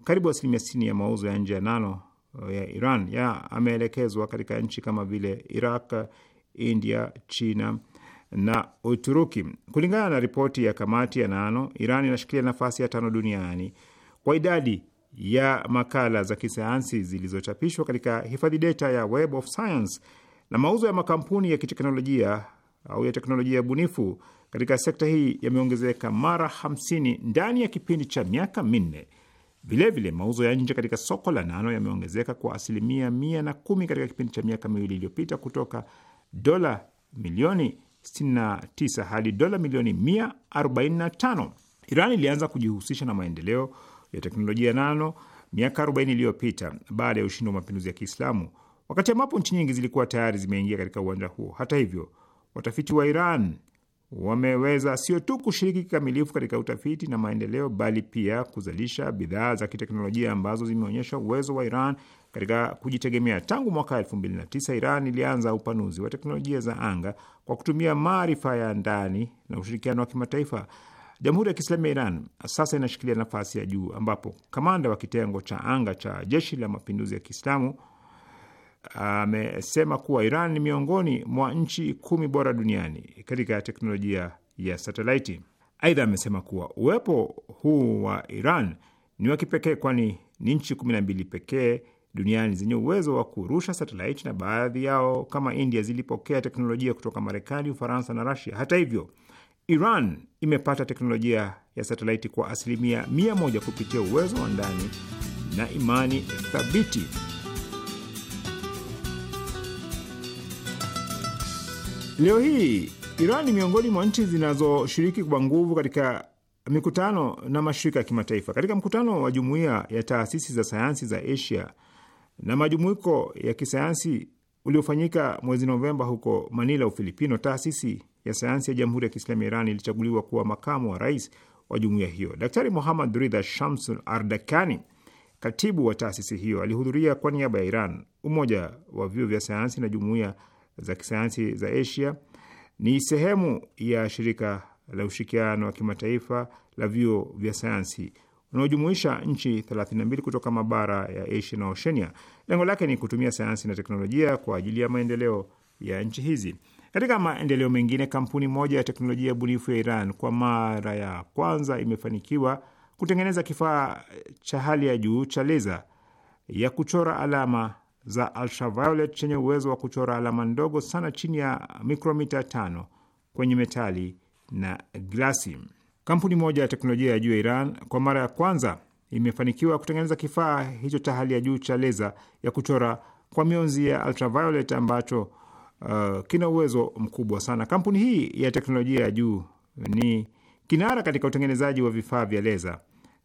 karibu asilimia 60 ya mauzo ya nje ya nano Uh, ya Iran ya ameelekezwa katika nchi kama vile Iraq, India, China na Uturuki. Kulingana na ripoti ya kamati ya Nano, Iran inashikilia nafasi ya tano duniani kwa idadi ya makala za kisayansi zilizochapishwa katika hifadhi data ya Web of Science na mauzo ya makampuni ya kiteknolojia au ya teknolojia bunifu katika sekta hii yameongezeka mara 50 ndani ya kipindi cha miaka minne. Vilevile, mauzo ya nje katika soko la Nano yameongezeka kwa asilimia mia na kumi katika kipindi cha miaka miwili iliyopita kutoka dola milioni 69 hadi dola milioni 145. Iran ilianza kujihusisha na maendeleo ya teknolojia nano miaka 40 iliyopita baada ya ushindi wa mapinduzi ya Kiislamu, wakati ambapo nchi nyingi zilikuwa tayari zimeingia katika uwanja huo. Hata hivyo, watafiti wa Iran wameweza sio tu kushiriki kikamilifu katika utafiti na maendeleo, bali pia kuzalisha bidhaa za kiteknolojia ambazo zimeonyesha uwezo wa Iran katika kujitegemea. Tangu mwaka 2009 Iran ilianza upanuzi wa teknolojia za anga kwa kutumia maarifa ya ndani na ushirikiano wa kimataifa. Jamhuri ya Kiislamu ya Iran sasa inashikilia nafasi ya juu ambapo kamanda wa kitengo cha anga cha jeshi la mapinduzi ya Kiislamu amesema kuwa Iran ni miongoni mwa nchi kumi bora duniani katika teknolojia ya satelaiti. Aidha, amesema kuwa uwepo huu wa Iran ni wa kipekee, kwani ni nchi kumi na mbili pekee duniani zenye uwezo wa kurusha satelaiti, na baadhi yao kama India zilipokea teknolojia kutoka Marekani, Ufaransa na Rasia. Hata hivyo, Iran imepata teknolojia ya satelaiti kwa asilimia mia moja kupitia uwezo wa ndani na imani thabiti. Leo hii Iran ni miongoni mwa nchi zinazoshiriki kwa nguvu katika mikutano na mashirika ya kimataifa. Katika mkutano wa Jumuiya ya Taasisi za Sayansi za Asia na majumuiko ya kisayansi uliofanyika mwezi Novemba huko Manila, Ufilipino, taasisi ya sayansi ya Jamhuri ya Kiislamu ya Iran ilichaguliwa kuwa makamu wa rais wa jumuiya hiyo. Daktari Muhammad Ridha Shamsun Ardakani, katibu wa taasisi hiyo, alihudhuria kwa niaba ya Iran. Umoja wa vyuo vya sayansi na jumuiya za kisayansi za Asia ni sehemu ya shirika la ushirikiano wa kimataifa la vyuo vya sayansi unaojumuisha nchi 32 kutoka mabara ya Asia na Oceania. Lengo lake ni kutumia sayansi na teknolojia kwa ajili ya maendeleo ya nchi hizi. Katika maendeleo mengine, kampuni moja ya teknolojia bunifu ya Iran kwa mara ya kwanza imefanikiwa kutengeneza kifaa cha hali ya juu cha leza ya kuchora alama za ultraviolet chenye uwezo wa kuchora alama ndogo sana chini ya mikromita tano kwenye metali na glasi. Kampuni moja ya teknolojia ya juu ya Iran kwa mara ya kwanza imefanikiwa kutengeneza kifaa hicho cha hali ya juu cha leza ya kuchora kwa mionzi ya ultraviolet ambacho uh, kina uwezo mkubwa sana. Kampuni hii ya teknolojia ya juu ni kinara katika utengenezaji wa vifaa vya leza.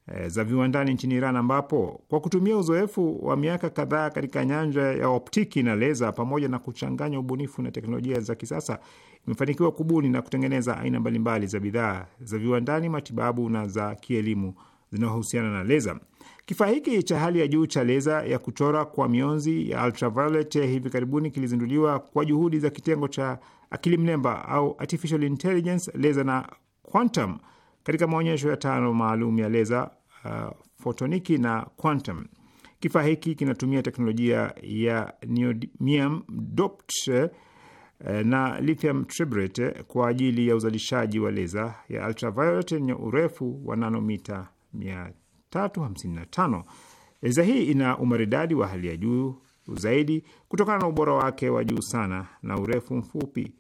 E, za viwandani nchini Iran, ambapo kwa kutumia uzoefu wa miaka kadhaa katika nyanja ya optiki na leza pamoja na kuchanganya ubunifu na teknolojia za kisasa imefanikiwa kubuni na kutengeneza aina mbalimbali za bidhaa za viwandani, matibabu na za kielimu zinazohusiana na leza. Kifaa hiki cha hali ya juu cha leza ya kuchora kwa mionzi ya ultraviolet hivi karibuni kilizinduliwa kwa juhudi za kitengo cha akili mnemba au artificial intelligence, leza na quantum katika maonyesho ya tano maalum ya leza uh, fotoniki na quantum. Kifaa hiki kinatumia teknolojia ya neodymium doped uh, na lithium tribrate kwa ajili ya uzalishaji wa leza ya ultraviolet yenye urefu wa nanomita 355. Leza hii ina umaridadi wa hali ya juu zaidi kutokana na ubora wake wa juu sana na urefu mfupi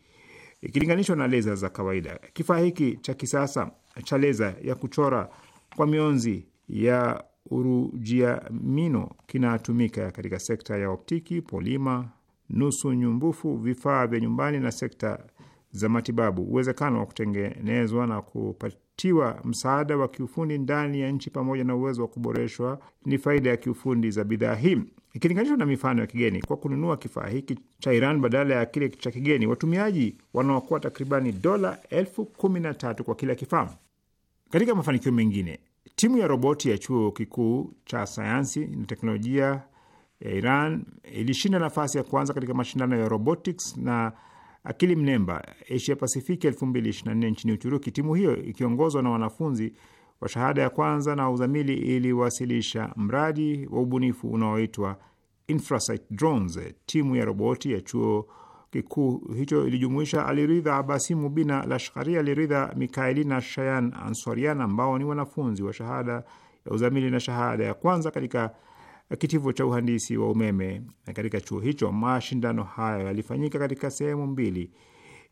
ikilinganishwa na leza za kawaida. Kifaa hiki cha kisasa chaleza ya kuchora kwa mionzi ya urujiamino kinatumika katika sekta ya optiki, polima, nusu nyumbufu, vifaa vya nyumbani na sekta za matibabu. Uwezekano wa kutengenezwa na kupatiwa msaada wa kiufundi ndani ya nchi pamoja na uwezo wa kuboreshwa ni faida ya kiufundi za bidhaa hii. Ikilinganishwa na mifano ya kigeni, kwa kununua kifaa hiki cha Iran badala ya kile cha kigeni, watumiaji wanaokoa takribani dola elfu kumi na tatu kwa kila kifaa. Katika mafanikio mengine, timu ya roboti ya chuo kikuu cha sayansi na teknolojia ya Iran ilishinda nafasi ya kwanza katika mashindano ya robotics na akili mnemba Asia Pacific 2024 nchini Uturuki. Timu hiyo ikiongozwa na wanafunzi kwa shahada ya kwanza na uzamili iliwasilisha mradi wa ubunifu unaoitwa Infrasight Drones. Timu ya roboti ya chuo kikuu hicho ilijumuisha Aliridha Abasi Mubina Lashkari, Aliridha Mikaeli na Shayan Answarian ambao ni wanafunzi wa shahada ya uzamili na shahada ya kwanza katika kitivo cha uhandisi wa umeme katika chuo hicho. Mashindano hayo yalifanyika katika sehemu mbili,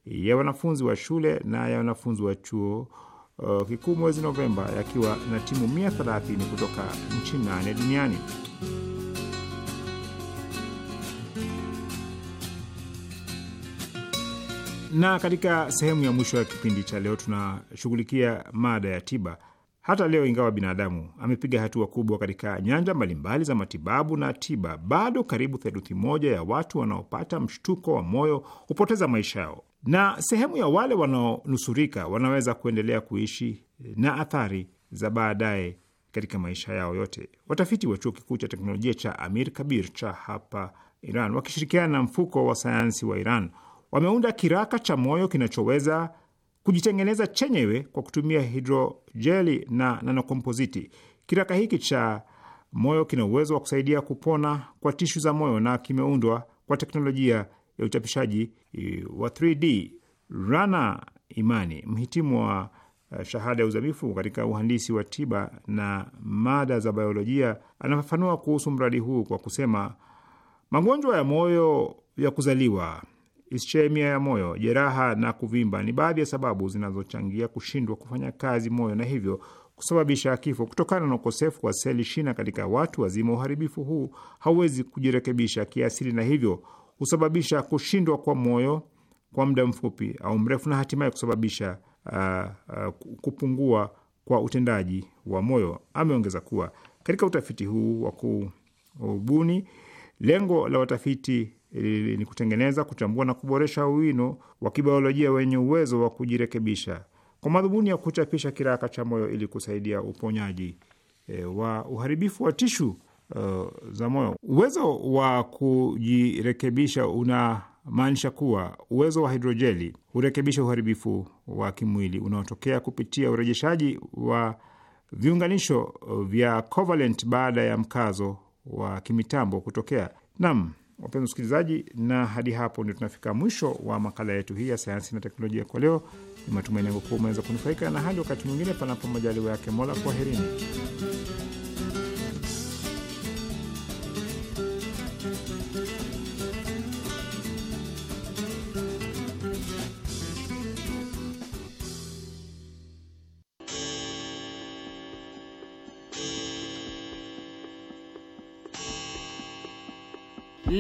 ya wanafunzi wa shule na ya wanafunzi wa chuo Uh, kikuu mwezi Novemba yakiwa na timu 130 kutoka nchi nane duniani. Na katika sehemu ya mwisho ya kipindi cha leo tunashughulikia mada ya tiba. Hata leo, ingawa binadamu amepiga hatua kubwa katika nyanja mbalimbali za matibabu na tiba, bado karibu theluthi moja ya watu wanaopata mshtuko wa moyo hupoteza maisha yao na sehemu ya wale wanaonusurika wanaweza kuendelea kuishi na athari za baadaye katika maisha yao yote. Watafiti wa chuo kikuu cha teknolojia cha Amir Kabir cha hapa Iran wakishirikiana na mfuko wa sayansi wa Iran wameunda kiraka cha moyo kinachoweza kujitengeneza chenyewe kwa kutumia hidrojeli na nanokompositi. Kiraka hiki cha moyo kina uwezo wa kusaidia kupona kwa tishu za moyo na kimeundwa kwa teknolojia ya uchapishaji e, wa 3D. Rana Imani, mhitimu wa e, shahada ya uzamifu katika uhandisi wa tiba na mada za biolojia, anafafanua kuhusu mradi huu kwa kusema, magonjwa ya moyo ya kuzaliwa, ischemia ya moyo, jeraha na kuvimba ni baadhi ya sababu zinazochangia kushindwa kufanya kazi moyo na hivyo kusababisha kifo. Kutokana na ukosefu wa seli shina katika watu wazima, uharibifu huu hauwezi kujirekebisha kiasili na hivyo husababisha kushindwa kwa moyo kwa muda mfupi au mrefu na hatimaye kusababisha uh, uh, kupungua kwa utendaji wa moyo. Ameongeza kuwa katika utafiti huu wa kubuni, lengo la watafiti eh, ni kutengeneza, kuchambua na kuboresha wino wa kibiolojia wenye uwezo wa kujirekebisha kwa madhumuni ya kuchapisha kiraka cha moyo ili kusaidia uponyaji e, wa uharibifu wa tishu uh, za moyo. Uwezo wa kujirekebisha unamaanisha kuwa uwezo wa hidrojeli hurekebisha uharibifu wa kimwili unaotokea kupitia urejeshaji wa viunganisho vya covalent baada ya mkazo wa kimitambo kutokea. Naam, wapenzi wasikilizaji, na hadi hapo ndio tunafika mwisho wa makala yetu hii ya sayansi na teknolojia kwa leo. Ni matumaini yangu kuwa umeweza kunufaika, na hadi wakati mwingine, panapo majaliwa yake Mola, kwaherini.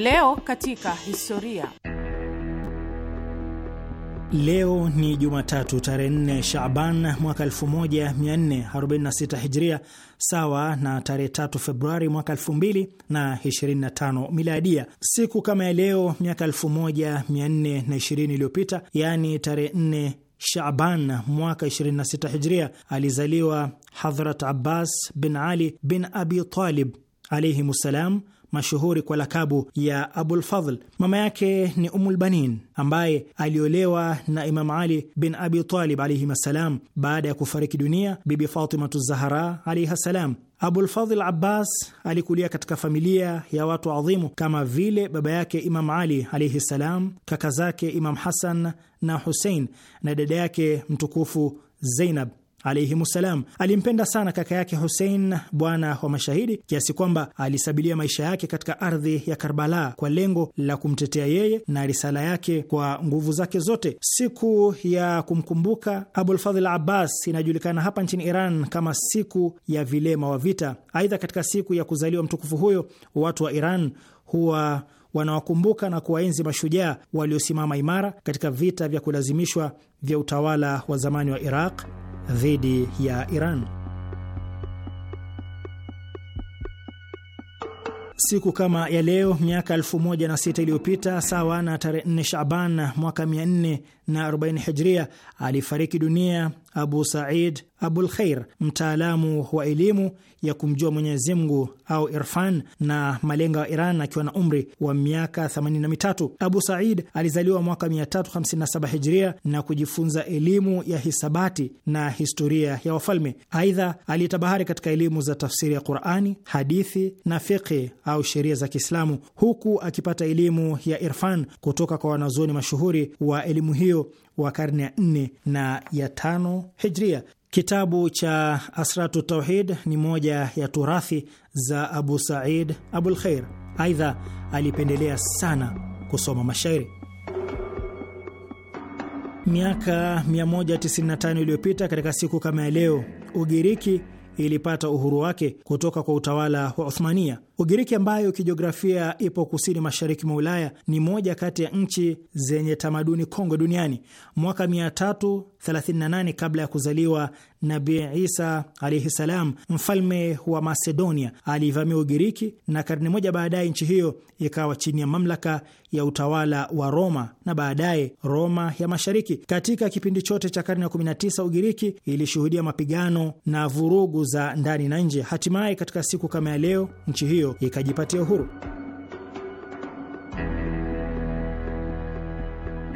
Leo katika historia. Leo ni Jumatatu tarehe 4 Shaban mwaka 1446 Hijria, sawa na tarehe 3 Februari mwaka 2025 Miladia. Siku kama ya leo miaka 1420 iliyopita, yaani tarehe 4 Shaban mwaka 26 Hijria, alizaliwa Hadhrat Abbas bin Ali bin Abi Talib alaihimussalam mashuhuri kwa lakabu ya abulfadl Mama yake ni Umulbanin ambaye aliolewa na Imam Ali bin Abi Talib alaihim assalam. Baada ya kufariki dunia Bibi Fatimatu Zahara alaihi assalam abulfadl Abbas alikulia katika familia ya watu adhimu kama vile baba yake Imam Ali alaihi ssalam, kaka zake Imam Hasan na Husein na dada yake mtukufu zeinab alaihimussalam. Alimpenda sana kaka yake Husein, bwana wa mashahidi, kiasi kwamba alisabilia maisha yake katika ardhi ya Karbala kwa lengo la kumtetea yeye na risala yake kwa nguvu zake zote. Siku ya kumkumbuka Abulfadhil Abbas inajulikana hapa nchini Iran kama siku ya vilema wa vita. Aidha, katika siku ya kuzaliwa mtukufu huyo, watu wa Iran huwa wanawakumbuka na kuwaenzi mashujaa waliosimama imara katika vita vya kulazimishwa vya utawala wa zamani wa Iraq dhidi ya Iran. Siku kama ya leo miaka 1006 iliyopita sawa na tarehe 4 Shaban mwaka 440 Hijria alifariki dunia Abu Said Abul Khair, mtaalamu wa elimu ya kumjua Mwenyezi Mungu au irfan na malenga wa Iran akiwa na umri wa miaka 83. Abu Said alizaliwa mwaka 357 Hijria na kujifunza elimu ya hisabati na historia ya wafalme. Aidha, alitabahari katika elimu za tafsiri ya Qurani, hadithi na fiqhi au sheria za Kiislamu, huku akipata elimu ya irfan kutoka kwa wanazuoni mashuhuri wa elimu hiyo wa karne ya 4 na ya 5 Hijria. Kitabu cha Asratu Tauhid ni moja ya turathi za Abu Said Abul Khair. Aidha, alipendelea sana kusoma mashairi. Miaka 195 iliyopita katika siku kama ya leo, Ugiriki ilipata uhuru wake kutoka kwa utawala wa Uthmania. Ugiriki ambayo kijiografia ipo kusini mashariki mwa Ulaya ni moja kati ya nchi zenye tamaduni kongwe duniani. Mwaka 338 kabla ya kuzaliwa nabi Isa alaihi salam, mfalme wa Macedonia aliivamia Ugiriki na karne moja baadaye nchi hiyo ikawa chini ya mamlaka ya utawala wa Roma na baadaye Roma ya Mashariki. Katika kipindi chote cha karne ya 19 Ugiriki ilishuhudia mapigano na vurugu za ndani na nje. Hatimaye katika siku kama ya leo nchi hiyo ikajipatia uhuru.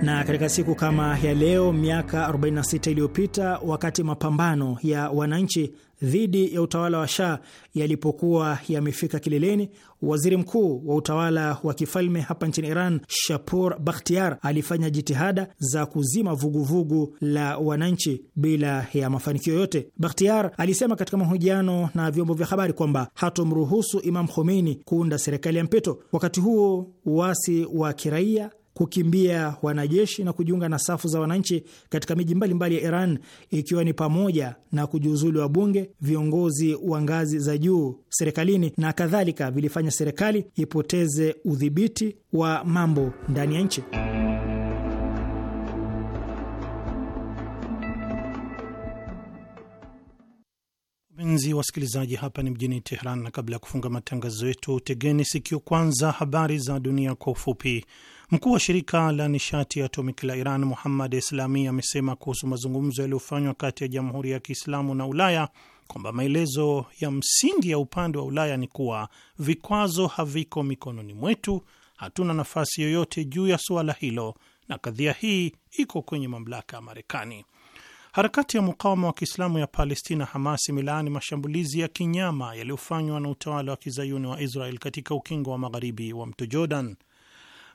Na katika siku kama ya leo miaka 46 iliyopita, wakati mapambano ya wananchi dhidi ya utawala wa Shah yalipokuwa yamefika kileleni, waziri mkuu wa utawala wa kifalme hapa nchini Iran, Shapur Bakhtiar, alifanya jitihada za kuzima vuguvugu vugu la wananchi bila ya mafanikio yote. Bakhtiar alisema katika mahojiano na vyombo vya habari kwamba hatomruhusu Imam Khomeini kuunda serikali ya mpito. Wakati huo uasi wa kiraia kukimbia wanajeshi na kujiunga na safu za wananchi katika miji mbalimbali ya Iran, ikiwa ni pamoja na kujiuzulu bunge viongozi wa ngazi za juu serikalini na kadhalika, vilifanya serikali ipoteze udhibiti wa mambo ndani ya nchi. Mpenzi wasikilizaji, hapa ni mjini Teheran, na kabla ya kufunga matangazo yetu, tegeni sikio kwanza habari za dunia kwa ufupi. Mkuu wa shirika la nishati ya atomiki la Iran Muhammad Islami amesema kuhusu mazungumzo yaliyofanywa kati ya Jamhuri ya Kiislamu na Ulaya kwamba maelezo ya msingi ya upande wa Ulaya ni kuwa vikwazo haviko mikononi mwetu, hatuna nafasi yoyote juu ya suala hilo, na kadhia hii iko kwenye mamlaka ya Marekani. Harakati ya mukawama wa Kiislamu ya Palestina, Hamas, imelaani mashambulizi ya kinyama yaliyofanywa na utawala wa kizayuni wa Israel katika ukingo wa magharibi wa mto Jordan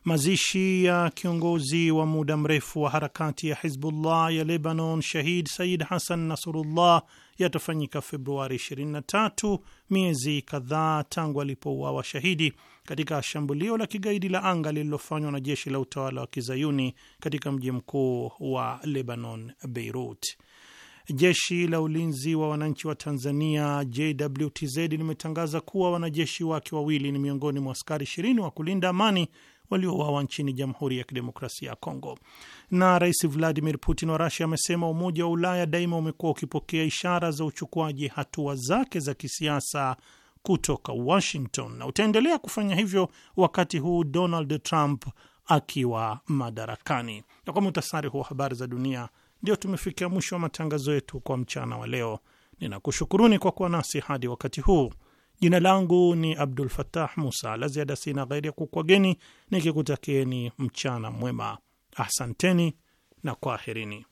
mazishi ya kiongozi wa muda mrefu wa harakati ya Hizbullah ya Lebanon, Shahid Said Hassan Nasrullah yatafanyika Februari 23, miezi kadhaa tangu alipouawa shahidi katika shambulio la kigaidi la anga lililofanywa na jeshi la utawala wa kizayuni katika mji mkuu wa Lebanon, Beirut. Jeshi la ulinzi wa wananchi wa Tanzania JWTZ limetangaza kuwa wanajeshi wake wawili ni miongoni mwa askari ishirini wa kulinda amani waliouawa nchini Jamhuri ya Kidemokrasia ya Kongo. Na Rais Vladimir Putin wa Rusia amesema Umoja wa Ulaya daima umekuwa ukipokea ishara za uchukuaji hatua zake za kisiasa kutoka Washington na utaendelea kufanya hivyo wakati huu Donald Trump akiwa madarakani. Na kwa muhtasari huwa habari za dunia, ndio tumefikia mwisho wa matangazo yetu kwa mchana wa leo. Ninakushukuruni kwa kuwa nasi hadi wakati huu. Jina langu ni Abdul Fatah Musa. La ziada sina ghairi ya kukwageni nikikutakieni mchana mwema. Ahsanteni na kwaherini.